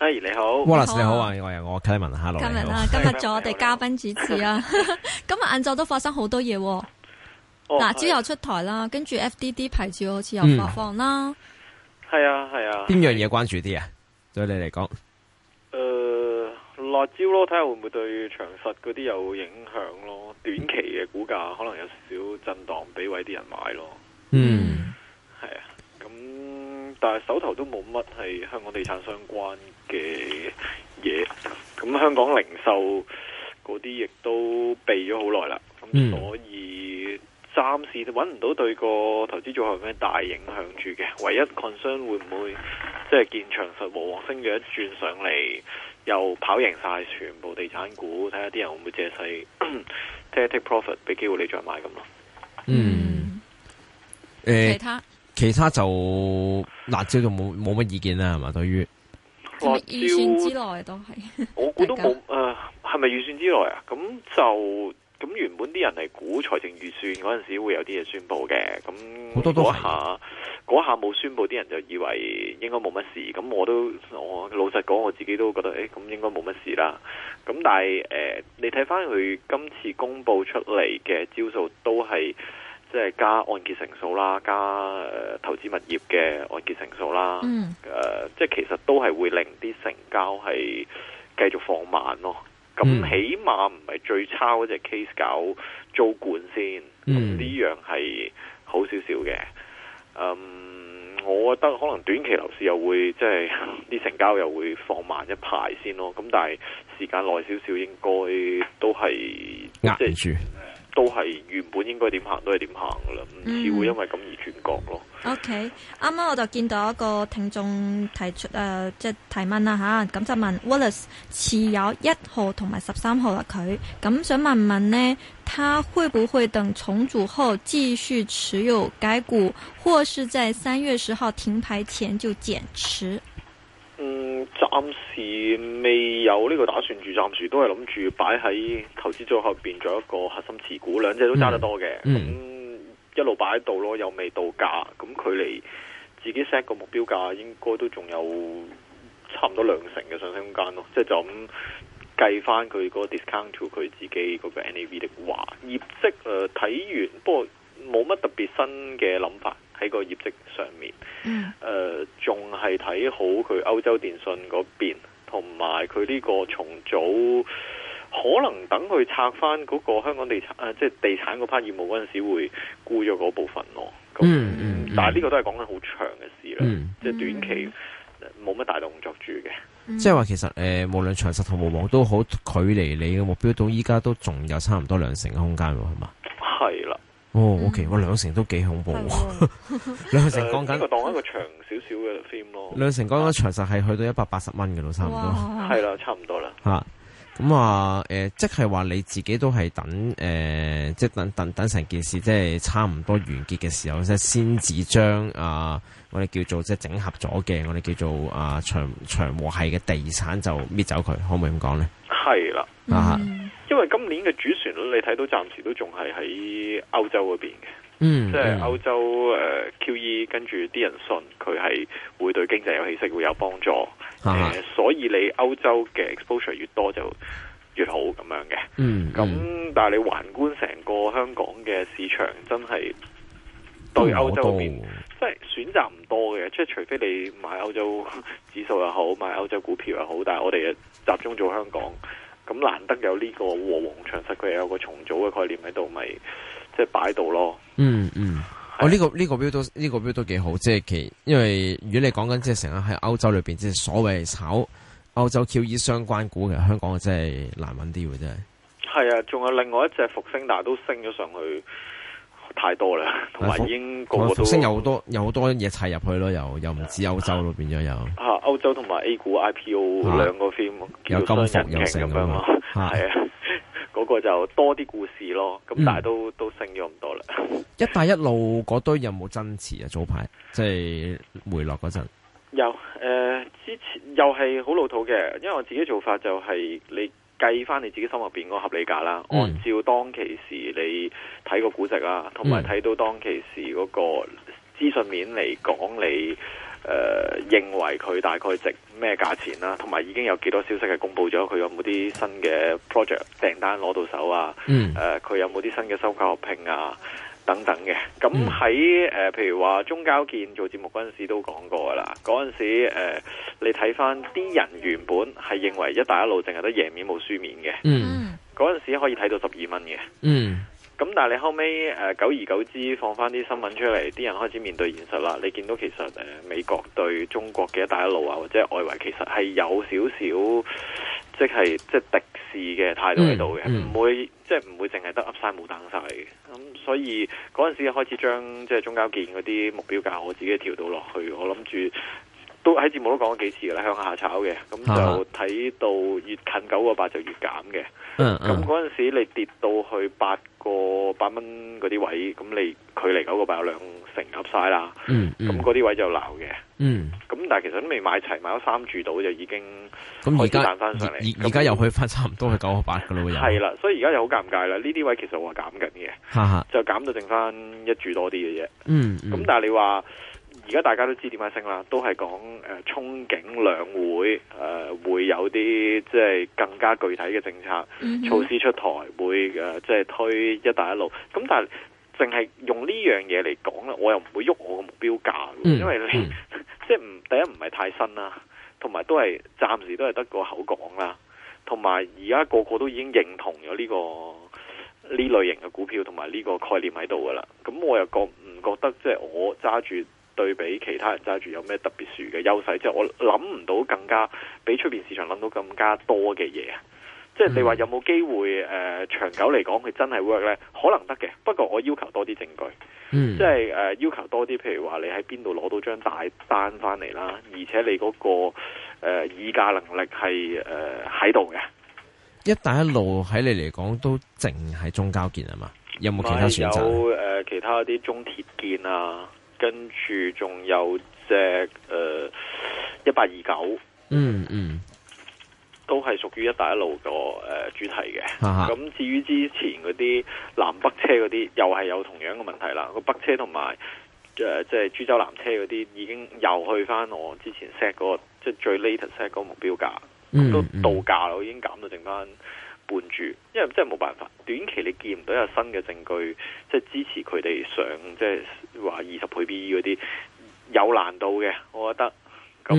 Hi 你好，Wallace 你好啊，好啊我係我 Kevin 啊，Hello，今日啊，今日做我哋嘉賓主持啊， 今日晏晝都發生好多嘢、啊 哦，辣招又出台啦，跟住 FDD 牌照好似又發放啦，係啊係啊，邊樣嘢關注啲啊？對你嚟講，誒、呃，辣招咯，睇下會唔會對長實嗰啲有影響咯，短期嘅股價可能有少震盪，俾位啲人買咯，嗯。但係手頭都冇乜係香港地產相關嘅嘢，咁香港零售嗰啲亦都避咗好耐啦，咁、嗯、所以暫時揾唔到對個投資組合有咩大影響住嘅，唯一 concern 會唔會即係、就是、見長實和黃嘅一轉上嚟，又跑贏晒全部地產股，睇下啲人會唔會借勢 take profit 俾機會你再買咁咯？嗯，誒、欸。其他其他就辣椒就冇冇乜意見啦，係嘛？對於預算之內都係，我估都冇誒，係咪預算之內啊？咁就咁原本啲人係估財政預算嗰陣時候會有啲嘢宣布嘅，咁好多都吓，嗰下冇宣布，啲人就以為應該冇乜事。咁我都我老實講，我自己都覺得誒，咁、欸、應該冇乜事啦。咁但係誒、呃，你睇翻佢今次公布出嚟嘅招數都係。即係加按揭成數啦，加誒投資物業嘅按揭成數啦，誒、mm. 呃、即係其實都係會令啲成交係繼續放慢咯。咁起碼唔係最差嗰隻 case 搞租管先，呢、mm. 樣係好少少嘅。嗯，我覺得可能短期樓市又會即係啲成交又會放慢一排先咯。咁但係時間耐少少，應該都係即係壓住。都係原本應該點行都係點行噶啦，唔、嗯、會因為咁而轉角咯。OK，啱啱我就見到一個聽眾提出誒，即、呃、係提問啦吓，咁就問 Wallace 持有一號同埋十三號啦，佢咁想問問呢，他會不會等重組後繼續持有該股，或是在三月十號停牌前就減持？暫時未有呢個打算，住暫時都係諗住擺喺投資組合邊做一個核心持股，兩隻都揸得多嘅，咁、嗯嗯、一路擺喺度咯，又未到價，咁距離自己 set 個目標價，應該都仲有差唔多兩成嘅上升空間咯，即係就咁計翻佢嗰個 discount to 佢自己嗰個 N A V 的話，業績誒睇完，不過冇乜特別新嘅諗法。喺個業績上面，誒、mm. 呃，仲係睇好佢歐洲電信嗰邊，同埋佢呢個重組，可能等佢拆翻嗰個香港地產誒、呃，即係地產嗰批業務嗰陣時，會沽咗嗰部分咯。嗯、那個，mm. 但係呢個都係講緊好長嘅事啦，mm. 即係短期冇乜大動作住嘅。Mm. 即係話其實誒、呃，無論長實同和黃都好，距離你嘅目標到依家都仲有差唔多兩成嘅空間，係嘛？哦、嗯、，OK，哇，兩成都幾恐怖，兩成講緊呢個當一個長少少嘅 theme 咯。兩成講緊長實係去到一百八十蚊嘅咯，差唔多。係啦，差唔多啦。吓，咁啊，誒、啊呃，即係話你自己都係等，誒、呃，即係等等等成件事，即係差唔多完結嘅時候，即係先至將啊，我哋叫做即係整合咗嘅，我哋叫做啊長長和係嘅地產就搣走佢，可唔可以咁講咧？係啦，啊。嗯咁嘅主旋律，你睇到暫時都仲係喺歐洲嗰邊嘅，即係歐洲誒 QE 跟住啲人信佢係會對經濟有起色，會有幫助，誒、啊呃，所以你歐洲嘅 exposure 越多就越好咁樣嘅。嗯，咁、嗯、但係你橫觀成個香港嘅市場真係對歐洲嗰邊，即係選擇唔多嘅，即係除非你買歐洲指數又好，買歐洲股票又好，但係我哋集中做香港。咁難得有呢個和黃長實，佢有個重組嘅概念喺度，咪即係擺到咯。嗯嗯、啊，哦，呢個呢個標都呢個標都幾好，即係其因為如果你講緊即係成日喺歐洲裏面，即係所謂炒歐洲 QE 相關股嘅，香港真係難揾啲嘅真係。係啊，仲有另外一隻復星，但係都升咗上去。太多啦，同埋已經個個都升、啊、多又多嘢砌入去咯，又又唔止歐洲咯變咗又。吓歐洲同埋 A 股 IPO 兩個 theme 有金服又成咁樣嘛。係啊，嗰 個就多啲故事咯，咁但係都、嗯、都升咗咁多啦。一帶一路嗰堆有冇增持啊？早排即係回落嗰陣有，誒、呃、之前又係好老土嘅，因為我自己做法就係你。計翻你自己心入邊嗰個合理價啦，按照當其時你睇個估值啦，同埋睇到當其時嗰個資訊面嚟講，你誒、呃、認為佢大概值咩價錢啦，同埋已經有幾多消息係公布咗佢有冇啲新嘅 project 訂單攞到手啊？佢、呃、有冇啲新嘅收購合拼啊？等等嘅，咁喺誒，譬如話中交建做節目嗰陣時都講過啦，嗰陣時、呃、你睇翻啲人原本係認為一帶一路淨係得贏面冇輸面嘅，嗰、嗯、陣時可以睇到十二蚊嘅，咁、嗯、但係你後尾誒、呃、久而久之放翻啲新聞出嚟，啲人開始面對現實啦。你見到其實、呃、美國對中國嘅一帶一路啊，或者外圍其實係有少少。即係即係敵視嘅態度喺度嘅，唔、嗯嗯、會即係唔會淨係得 upside 冇 downside 嘅。咁、嗯、所以嗰陣時開始將即係中交建嗰啲目標價我自己調到落去，我諗住。都喺節目都講過幾次噶啦，向下炒嘅，咁就睇到越近九個八就越減嘅。咁嗰陣時你跌到去八個八蚊嗰啲位，咁你距離九個八有兩成合晒啦。咁嗰啲位就鬧嘅。咁、嗯、但係其實都未買齊，買咗三注到就已經咁而家彈翻上嚟，而家又去翻差唔多去九個八嘅係啦，所以而家又好尷尬啦。呢啲位其實我話減緊嘅、啊啊，就減到剩翻一注多啲嘅啫。咁、嗯嗯、但係你話？而家大家都知點解升啦，都係講誒憧憬兩會誒、呃、會有啲即係更加具體嘅政策措施出台，會即係、呃即係、推一帶一路。咁但係淨係用呢樣嘢嚟講咧，我又唔會喐我個目標價，因為你即係唔，第一唔係太新啦，同埋都係暫時都係得個口講啦。同埋而家個個都已經認同咗呢、呢個呢類型嘅股票同埋呢個概念喺度噶啦。咁我又覺唔覺得即係、即係、我揸住？對比其他人揸住有咩特別殊嘅優勢，即係我諗唔到更加比出邊市場諗到更加多嘅嘢啊！即係你話有冇機會誒，嗯，呃，長久嚟講佢真係 work 咧？可能得嘅，不過我要求多啲證據，嗯，即係誒，呃，要求多啲，譬如話你喺邊度攞到張大單返嚟啦，而且你嗰個誒議價能力係誒喺度嘅。一帶一路喺你嚟講都淨係中交建啊嘛？有冇其他選擇？誒，呃，其他啲中鐵建啊。跟住仲有隻誒一八二九，呃、129，嗯嗯，都係屬於一帶一路個誒、呃、主題嘅。咁、啊、至於之前嗰啲南北車嗰啲，又係有同樣嘅問題啦。個北車同埋誒即係株洲南車嗰啲，已經又去翻我之前 set 個即係最 latest set 個目標價，咁、嗯、都到價啦，嗯、我已經減到剩翻。伴住，因為真係冇辦法，短期你見唔到有新嘅證據，即係支持佢哋上，即係話二十倍 b 嗰啲有難度嘅，我覺得。咁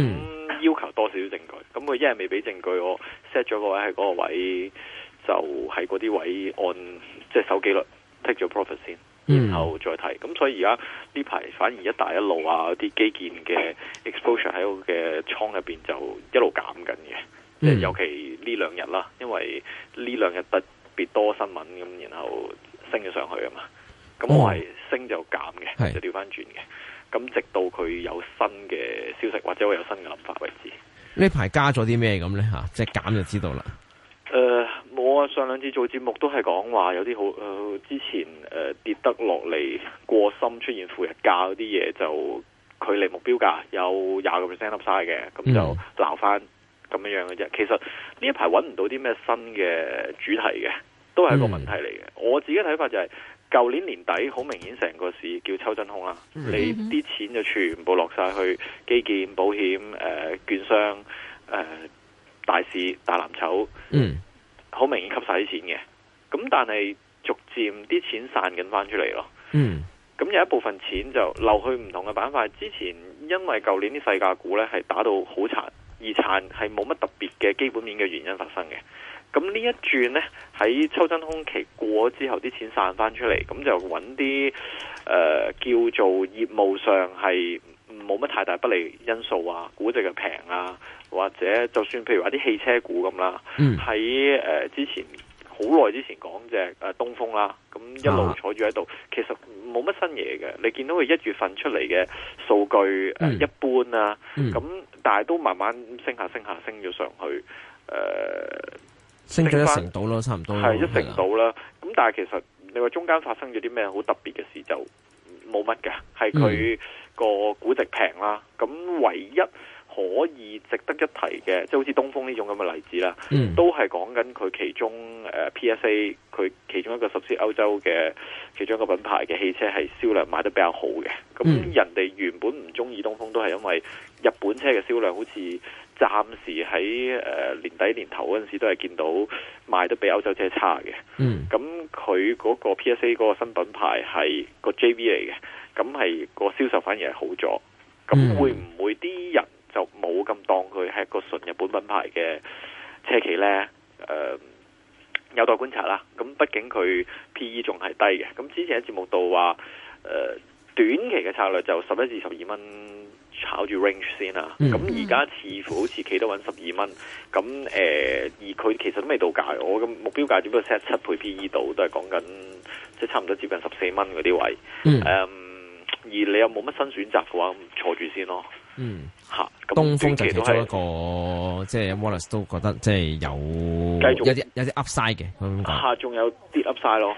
要求多少證據？咁、嗯、佢一係未俾證據，我 set 咗個位喺嗰個位，就喺嗰啲位按即係守紀律 take 咗 profit 先，然後再睇。咁、嗯、所以而家呢排反而一帶一路啊，啲基建嘅 exposure 喺我嘅倉入邊就一路減緊嘅。即、嗯、係尤其呢兩日啦，因為呢兩日特別多新聞咁，然後升咗上去啊嘛。咁我係升就減嘅，就調翻轉嘅。咁直到佢有新嘅消息或者我有新嘅諗法為止。呢排加咗啲咩咁咧？吓、啊，即係減就知道啦。誒、呃，我上兩次做節目都係講話有啲好誒，之前誒、呃、跌得落嚟過深，出現負溢價嗰啲嘢，就距離目標價有廿個 percent upside 嘅，咁就留翻。嗯咁樣樣嘅啫，其實呢一排揾唔到啲咩新嘅主題嘅，都係一個問題嚟嘅、嗯。我自己睇法就係、是，舊年年底好明顯成個市叫抽真空啦、嗯，你啲錢就全部落晒去基建、保險、誒、呃、券商、誒、呃、大市、大藍籌，嗯，好明顯吸晒啲錢嘅。咁但係逐漸啲錢散緊翻出嚟咯，嗯，咁有一部分錢就流去唔同嘅板塊。之前因為舊年啲細價股呢係打到好殘。二攤係冇乜特別嘅基本面嘅原因發生嘅，咁呢一轉呢，喺抽真空期過咗之後，啲錢散返出嚟，咁就揾啲誒叫做業務上係冇乜太大不利因素啊，估值嘅平啊，或者就算譬如話啲汽車股咁啦，喺、嗯、誒、呃、之前。好耐之前講隻誒東風啦，咁一路坐住喺度，其實冇乜新嘢嘅。你見到佢一月份出嚟嘅數據誒、嗯、一般啦、啊，咁、嗯、但係都慢慢升下升下升咗上去，誒、呃、升咗一成到咯，差唔多係一成到啦。咁但係其實你話中間發生咗啲咩好特別嘅事就冇乜嘅，係佢個估值平啦。咁唯一。可以值得一提嘅，即係好似東風呢種咁嘅例子啦，嗯，都係講緊佢其中誒 P.S.A. 佢其中一個熟悉歐洲嘅其中一個品牌嘅汽車係銷量賣得比較好嘅。咁人哋原本唔中意東風都係因為日本車嘅銷量好似暫時喺誒年底年頭嗰陣時都係見到賣得比歐洲車差嘅。咁佢嗰個 P.S.A. 嗰個新品牌係個 J.V. 嚟嘅，咁係個銷售反而係好咗。咁會唔會啲人冇咁當佢係一個純日本品牌嘅車企呢，誒、呃，有待觀察啦。咁畢竟佢 P E 仲係低嘅。咁之前喺節目度話，誒、呃，短期嘅策略就十一至十二蚊炒住 range 先啦。咁而家似乎好似企得穩十二蚊。咁誒、呃，而佢其實都未到價，我嘅目標價只不過 set 七倍 P E 度，都係講緊即係差唔多接近十四蚊嗰啲位。嗯。而你又冇乜新選擇嘅話，坐住先咯。嗯，吓、嗯，東風就其中一個，是即係 Wallace 都覺得即係有，繼續有啲有啲 Upside 嘅，吓，仲有啲 Upside 咯，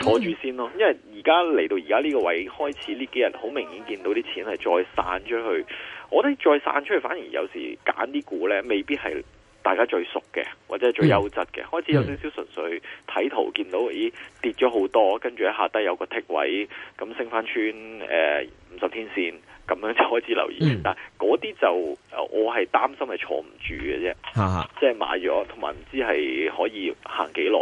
坐住先咯，嗯，因為而家嚟到而家呢個位開始呢幾日，好明顯見到啲錢係再散出去，我覺得再散出去反而有時揀啲股咧，未必係大家最熟嘅，或者是最優質嘅，開始有少少純粹睇圖見到咦跌咗好多，跟住喺下低有個剔位，咁升翻穿誒五十天線。咁樣就開始留意，嗯、但嗰啲就我係擔心係坐唔住嘅啫，即係買咗，同埋唔知係可以行幾耐，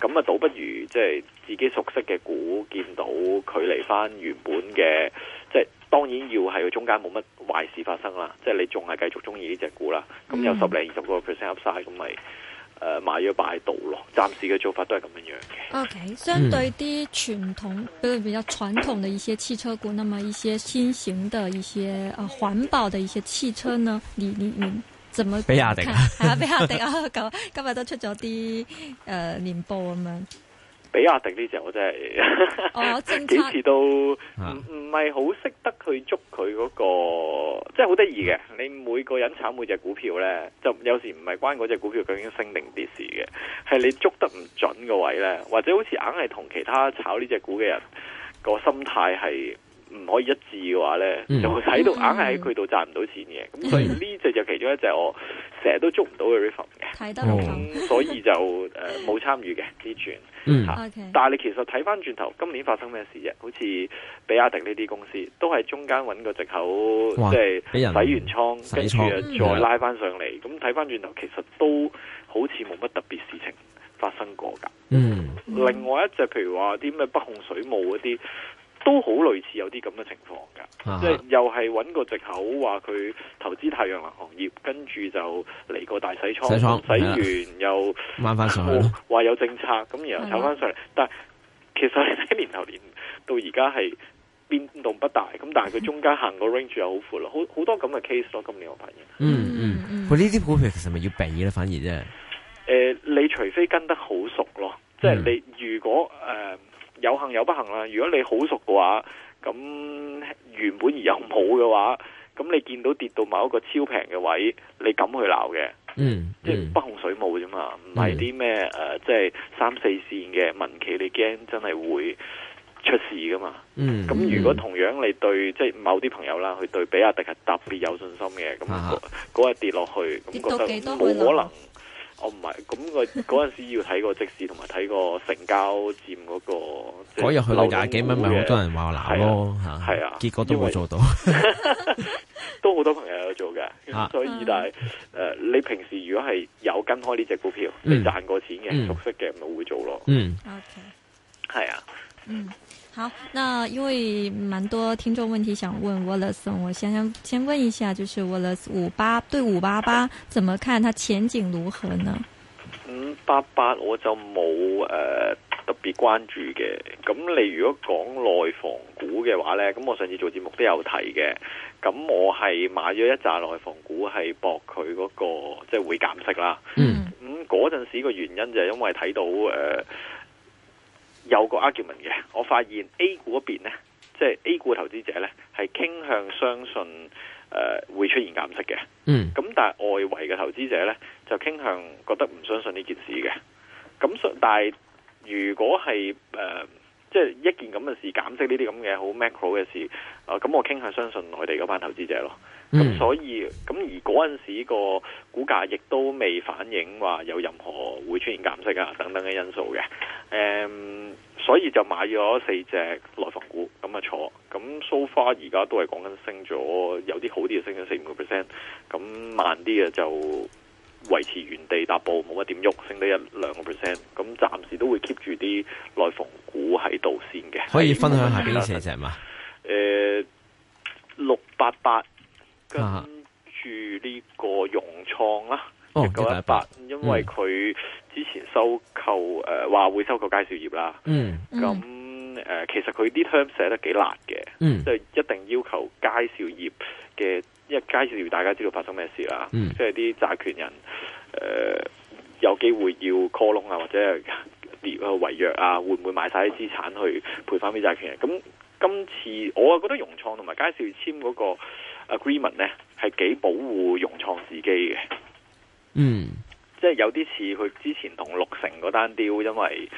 咁啊，倒不如即係自己熟悉嘅股，見到佢離翻原本嘅，即係當然要係佢中間冇乜壞事發生啦，即係你仲係繼續中意呢隻股啦，咁有十零二十個 percent upside 咁咪。Up, 嗯誒、呃、買咗買到咯，暫時嘅做法都係咁樣嘅。O K，相對啲傳統，比較傳統嘅一些汽車股，那麼一些新型嘅一些啊環保嘅一些汽車呢？你你你，你怎麼？比亞迪啊，比亞迪啊，今今日都出咗啲誒年報咁樣。呃比亞迪呢隻我真係 幾次都唔係係好識得去捉佢嗰、嗰個，即係好得意嘅。你每個人炒每隻股票呢，就有時唔係關嗰隻股票究竟升定跌事嘅，係你捉得唔準個位呢，或者好似硬係同其他炒呢隻股嘅人個心態係。唔可以一致嘅話呢，嗯、就會睇到硬係喺佢度賺唔到錢嘅。咁所以呢隻就其中一隻我成日都捉唔到嘅 r e f o 嘅，咁所以就誒冇、 呃、參與嘅呢轉但係你其實睇翻轉頭，今年發生咩事啫？好似比亞迪呢啲公司都係中間揾個藉口，即係、就是、洗完倉，跟住再拉翻上嚟。咁睇翻轉頭，其實都好似冇乜特別事情發生過㗎。嗯，另外一隻譬如話啲咩北控水務嗰啲。都好類似有啲咁嘅情況噶、啊，即係又係揾個藉口，話佢投資太陽能行業，跟住就嚟個大洗倉，洗完又翻翻上，話有政策，咁、嗯、然後炒翻、啊、上嚟。但係其實睇年頭年到而家係變動不大，咁但係佢中間行個 range 又好闊咯，好好多咁嘅 case 咯。今年我發現，嗯嗯佢呢啲股票其實咪要避咧，反而啫。誒、呃，你除非跟得好熟咯，嗯、即係你如果誒。呃有幸有不幸啦。如果你好熟嘅話，咁原本而又冇嘅話，咁你見到跌到某一個超平嘅位，你敢去鬧嘅？嗯，即、嗯、係、就是、北控水務啫嘛，唔係啲咩誒，即、嗯、係、呃就是、三四線嘅民企，你驚真係會出事噶嘛？嗯，咁如果同樣你對即係、就是、某啲朋友啦，佢對比亞迪係特別有信心嘅，咁、那、日、個啊、跌落去，那覺得冇可能。我唔係，咁我嗰陣時候要睇個即時，同埋睇個成交佔嗰、嗰個。嗰日去到廿幾蚊，咪好多人話鬧咯，吓。係啊，結果都冇做到， 都好多朋友有做嘅。吓、啊，所以但係，誒、嗯呃，你平時如果係有跟開呢隻股票，你賺過錢嘅、嗯嗯，熟悉嘅，咪會做咯。嗯，OK 係、嗯、啊，嗯。好，那因為蠻多聽眾問題想問 Wallace，我想想先問一下，就是 Wallace 五八對五八八，怎麼看？它前景如何呢？五八八我就冇誒、呃、特別關注嘅，咁你如果講內房股嘅話咧，咁我上次做節目都有睇嘅，咁我係買咗一紮內房股係博佢嗰、那個即係、就是、會減息啦。嗯，咁嗰陣時個原因就係因為睇到誒。呃有個 argument 嘅，我發現 A 股嗰邊呢，即係 A 股投資者呢，係傾向相信誒會出現減息嘅。嗯，咁但係外圍嘅投資者呢，就傾向覺得唔相信呢件事嘅。咁但係如果係誒，即係一件咁嘅事減息呢啲咁嘅好 macro 嘅事，啊，咁我傾向相信內地嗰班投資者咯。咁、嗯、所以咁而嗰陣時個股價亦都未反映話有任何會出現減息啊等等嘅因素嘅，誒、um，所以就買咗四隻內房股咁啊坐，咁 so far，而家都係講緊升咗，有啲好啲嘅升咗四五個 percent，咁慢啲嘅就維持原地踏步，冇乜點喐，升咗一兩個 percent，咁暫時都會 keep 住啲內房股喺度先嘅。可以分享下邊啲四隻嘛？誒，六八八。跟住呢個融創啦，啊，九一八，98, 98, 因為佢之前收購誒話，嗯呃，會收購佳兆業啦，咁、嗯、誒、呃、其實佢啲 term 寫得幾辣嘅，即、嗯、係一定要求佳兆業嘅，因為佳兆業大家知道發生咩事啦，嗯、即係啲債權人誒、呃、有機會要 call 窿，啊或者係違約啊會唔會賣晒啲資產去賠翻俾債權人？咁今次我啊覺得融創同埋佳兆業簽嗰，那個。agreement 咧係幾保護融創自己嘅，嗯，即係有啲似佢之前同六成嗰單 deal，因為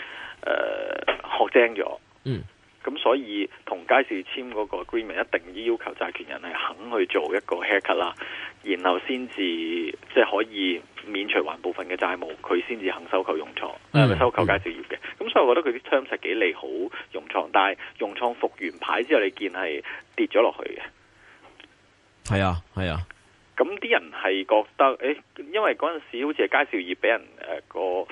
誒、呃、學精咗，嗯，咁所以同佳兆簽嗰個 agreement，一定要要求債權人係肯去做一個 hacker 啦，然後先至即係可以免除還部分嘅債務，佢先至肯收購融創、嗯，收購佳兆業嘅，咁、嗯、所以我覺得佢啲 terms 實幾利好融創，但係融創復完牌之後，你見係跌咗落去嘅。係啊，係啊，咁啲人係覺得誒、欸，因為嗰陣時好似係佳兆業俾人誒個誒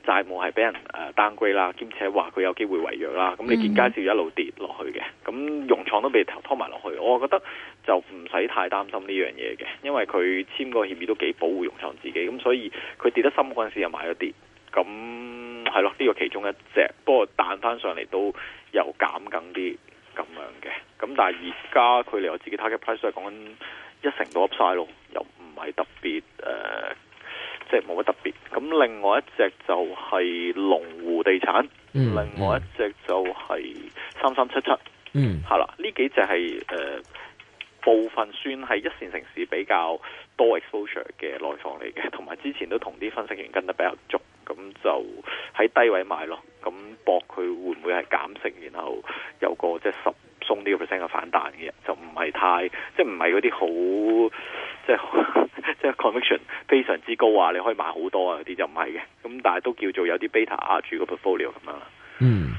債務係俾人誒 downgrade 啦，兼且話佢有機會違約啦，咁你見佳兆業一路跌落去嘅，咁融創都俾拖埋落去，我覺得就唔使太擔心呢樣嘢嘅，因為佢簽個協議都幾保護融創自己，咁所以佢跌得深嗰陣時又買咗啲，咁係咯，呢個其中一隻，不過彈翻上嚟都又減緊啲。咁樣嘅，咁但係而家距離我自己 target price，講緊一成到 upside 咯，又唔係特別誒，即係冇乜特別。咁另外一隻就係龍湖地產，另外一隻就係三三七七，嗯，係啦，呢、嗯、幾隻係誒、呃、部分算係一線城市比較多 exposure 嘅內房嚟嘅，同埋之前都同啲分析員跟得比較足。咁就喺低位買咯，咁搏佢會唔會係減成，然後有個即係十鬆呢個 percent 嘅反彈嘅，就唔、是、係太即係唔係嗰啲好即係即係 conviction 非常之高啊，你可以買好多啊啲就唔係嘅，咁但係都叫做有啲 beta 壓、啊、住個 portfolio 咁樣。嗯，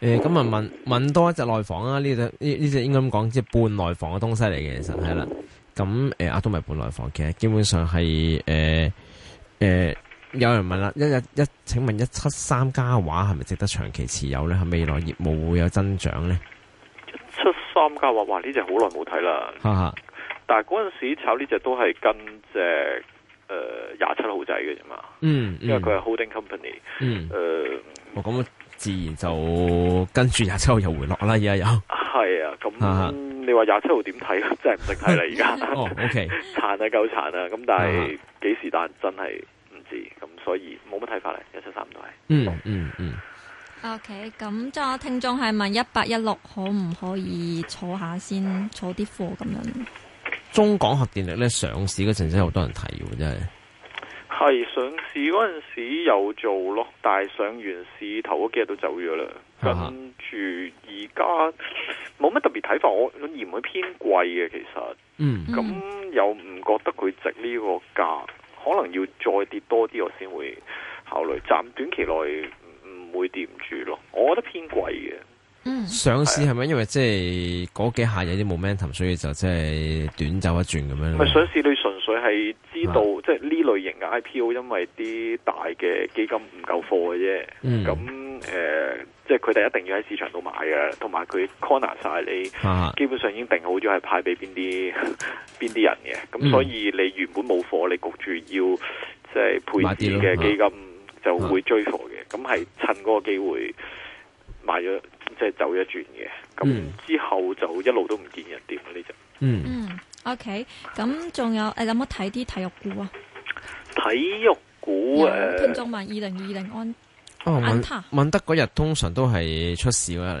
誒、呃，咁、呃、啊，問問多一隻內房啊，呢隻呢呢隻應該咁講，即係半內房嘅東西嚟嘅，其實係啦。咁誒，阿唔係半內房嘅，實基本上係誒誒。呃呃有人問啦，一日一,一，請問一七三嘉華係咪值得長期持有咧？係未來業務會有增長咧？一七三嘉華，哇！呢隻好耐冇睇啦，吓吓。但係嗰陣時炒呢隻都係跟隻誒廿七號仔嘅啫嘛，嗯，因為佢係 holding company，誒、嗯，我、呃、咁、嗯、自然就跟住廿七號又回落啦，而家又係啊，咁你話廿七號點睇？ 真係唔識睇啦，而 家哦，OK，殘 啊，夠殘啊，咁但係幾時彈真係。所以冇乜睇法咧，一七三都係。嗯嗯嗯。O K，咁仲有聽眾係問一八一六可唔可以坐下先，坐啲貨咁樣。中港核電力咧上市嗰陣時，好多人睇嘅真係。係上市嗰陣時有做咯，但係上完市頭嗰幾日都走咗啦。跟住，而家冇乜特別睇法，我嫌佢偏貴嘅，其實。嗯。咁又唔覺得佢值呢個價？可能要再跌多啲，我先會考慮。暫短期內唔會會跌唔住咯。我覺得偏貴嘅。嗯，上市係咪、啊、因為即係嗰幾下有啲冇 momentum，所以就即係短走一轉咁樣？上市你純粹係知道、啊、即係呢類型嘅 IPO，因為啲大嘅基金唔夠貨嘅啫。咁、嗯。誒、呃，即係佢哋一定要喺市場度買嘅，同埋佢 corner 晒你，啊，基本上已經定好咗係派俾邊啲邊啲人嘅，咁、嗯、所以你原本冇貨，你焗住要即係配置嘅基金就會追貨嘅，咁、啊、係、啊、趁嗰個機會買咗，即係走咗轉嘅，咁、嗯、之後就一路都唔見人掂呢隻，嗯嗯，OK，咁仲有誒有冇睇啲體育股啊？體育股誒，昆仲萬二零二零安。哦，文文德嗰日通常都係出事啦，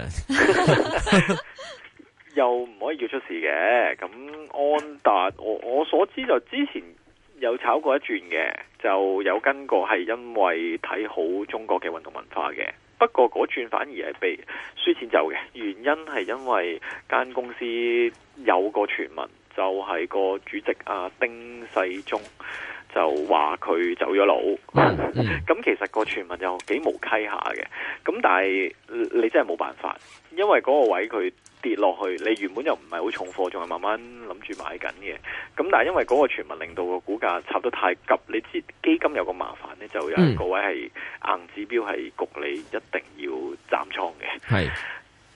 又唔可以叫出事嘅。咁安踏，我我所知就之前有炒過一轉嘅，就有跟過，係因為睇好中國嘅運動文化嘅。不過嗰轉反而係被輸錢走嘅，原因係因為間公司有個傳聞，就係、是、個主席啊丁世忠。就話佢走咗佬，咁、嗯嗯、其實個傳聞又幾無稽下嘅，咁但係你真係冇辦法，因為嗰個位佢跌落去，你原本又唔係好重貨，仲係慢慢諗住買緊嘅，咁但係因為嗰個傳聞令到個股價插得太急，你知基金有個麻煩呢，就有個位係硬指標，係焗你一定要斬倉嘅，係、嗯，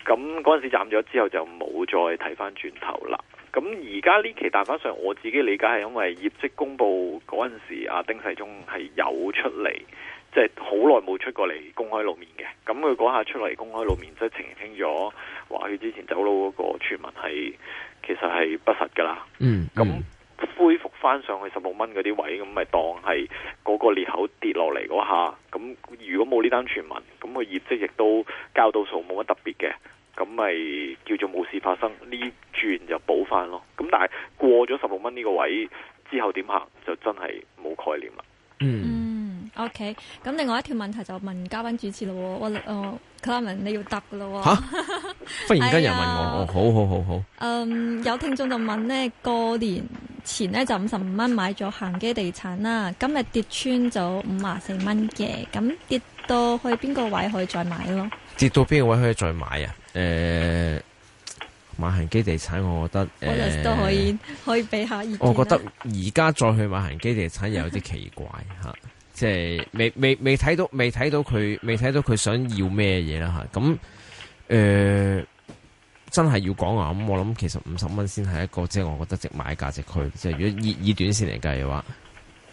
咁嗰陣時斬咗之後就冇再睇翻轉頭啦。咁而家呢期大翻上，我自己理解係因為業績公布嗰陣時，阿丁世忠係有出嚟，即係好耐冇出過嚟公開露面嘅。咁佢嗰下出嚟公開露面，即係澄清咗話佢之前走佬嗰個傳聞係其實係不實噶啦。嗯，咁，嗯，恢復翻上去十六蚊嗰啲位，咁咪當係嗰個裂口跌落嚟嗰下。咁如果冇呢單傳聞，咁佢業績亦都交到數，冇乜特別嘅。咁咪叫做冇事發生，呢轉就補翻咯。咁但係過咗十六蚊呢個位之後點行，就真係冇概念啦。嗯、嗯，OK。咁另外一條問題就問嘉賓主持咯，我哦 Clarence 你要答噶咯。嚇！ 忽然間有人問我、哎，好好好好。嗯，有聽眾就問呢，過年前呢就五十五蚊買咗恒基地產啦，今日跌穿咗五十四蚊嘅，咁跌到去邊個位可以再買咯？跌到邊個位可以再買啊？誒、呃，恒基地產，我覺得我都可以，呃、可以俾下我覺得而家再去恒基地產又有啲奇怪吓、 啊，即係未未未睇到未睇到佢未睇到佢想要咩嘢啦吓。咁、啊、誒、呃，真係要講啊。咁我諗其實五十蚊先係一個，即係我覺得值買價值區。即係如果以以短線嚟計嘅話，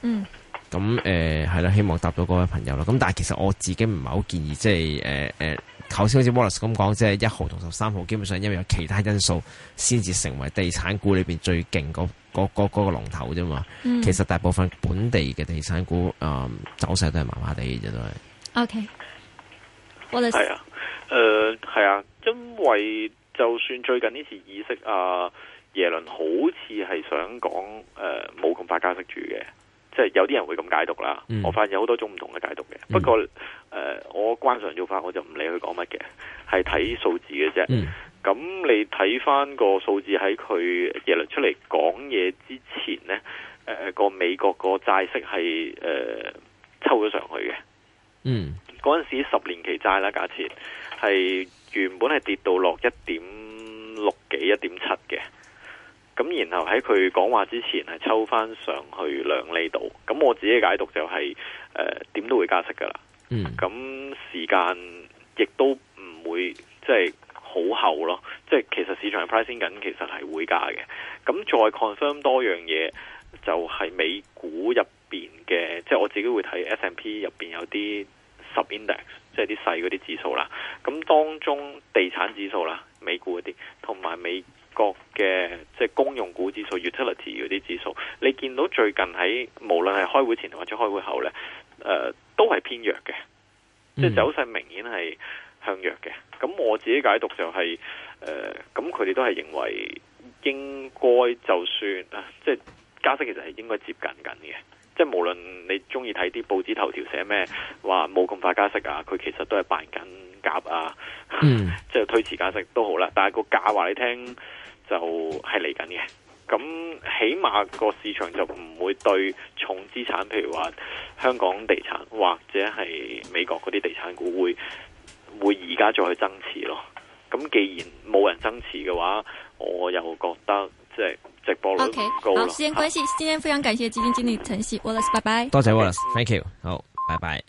嗯。咁誒係啦，希望答到嗰位朋友啦。咁但係其實我自己唔係好建議，即係誒誒，頭先好似 Wallace 咁講，即係一號同十三號，基本上因為有其他因素，先至成為地產股裏邊最勁嗰嗰嗰個龍頭啫嘛、嗯。其實大部分本地嘅地產股啊、呃、走勢都係麻麻地嘅啫，都係。OK. Wallace 係啊，誒、呃、係啊，因為就算最近呢次議息啊，耶倫好似係想講誒冇咁快加息住嘅。呃即係有啲人會咁解讀啦，我發現有好多種唔同嘅解讀嘅、嗯。不過，誒、呃，我慣常做法我就唔理佢講乜嘅，係睇數字嘅啫。咁、嗯、你睇翻個數字喺佢耶倫出嚟講嘢之前呢，誒、呃、個美國個債息係誒、呃、抽咗上去嘅。嗯，嗰陣時十年期債啦，價錢係原本係跌到落一點六幾、一點七嘅。咁然後喺佢講話之前係抽翻上去兩釐度，咁我自己嘅解讀就係呃，點都會加息噶啦。嗯，咁時間亦都唔會即係好厚咯，即係其實市場 pricing 緊，其實係會加嘅。咁再 confirm 多樣嘢，就係美股入面嘅，即係我自己會睇 S&P 入面有啲 sub index，即係啲細嗰啲指數啦。咁當中地產指數啦，美股嗰啲同埋美。各嘅即係公用股指數、utility 嗰啲指數，你見到最近喺無論係開會前或者開會後咧，誒、呃、都係偏弱嘅、嗯，即係走勢明顯係向弱嘅。咁我自己解讀就係、是、誒，咁佢哋都係認為應該就算即係加息，其實係應該接近緊嘅。即係無論你中意睇啲報紙頭條寫咩，話冇咁快加息啊，佢其實都係扮緊夾啊，嗯、即係推遲加息都好啦。但係個價話你聽。就係嚟緊嘅，咁起碼個市場就唔會對重資產，譬如話香港地產或者係美國嗰啲地產股會會而家再去增持咯。咁既然冇人增持嘅話，我又覺得即係直播率高啦。OK，好，時間關係，今天非常感謝基金經理陳昕 Wallace，拜拜。多謝 Wallace，Thank you，好，拜拜。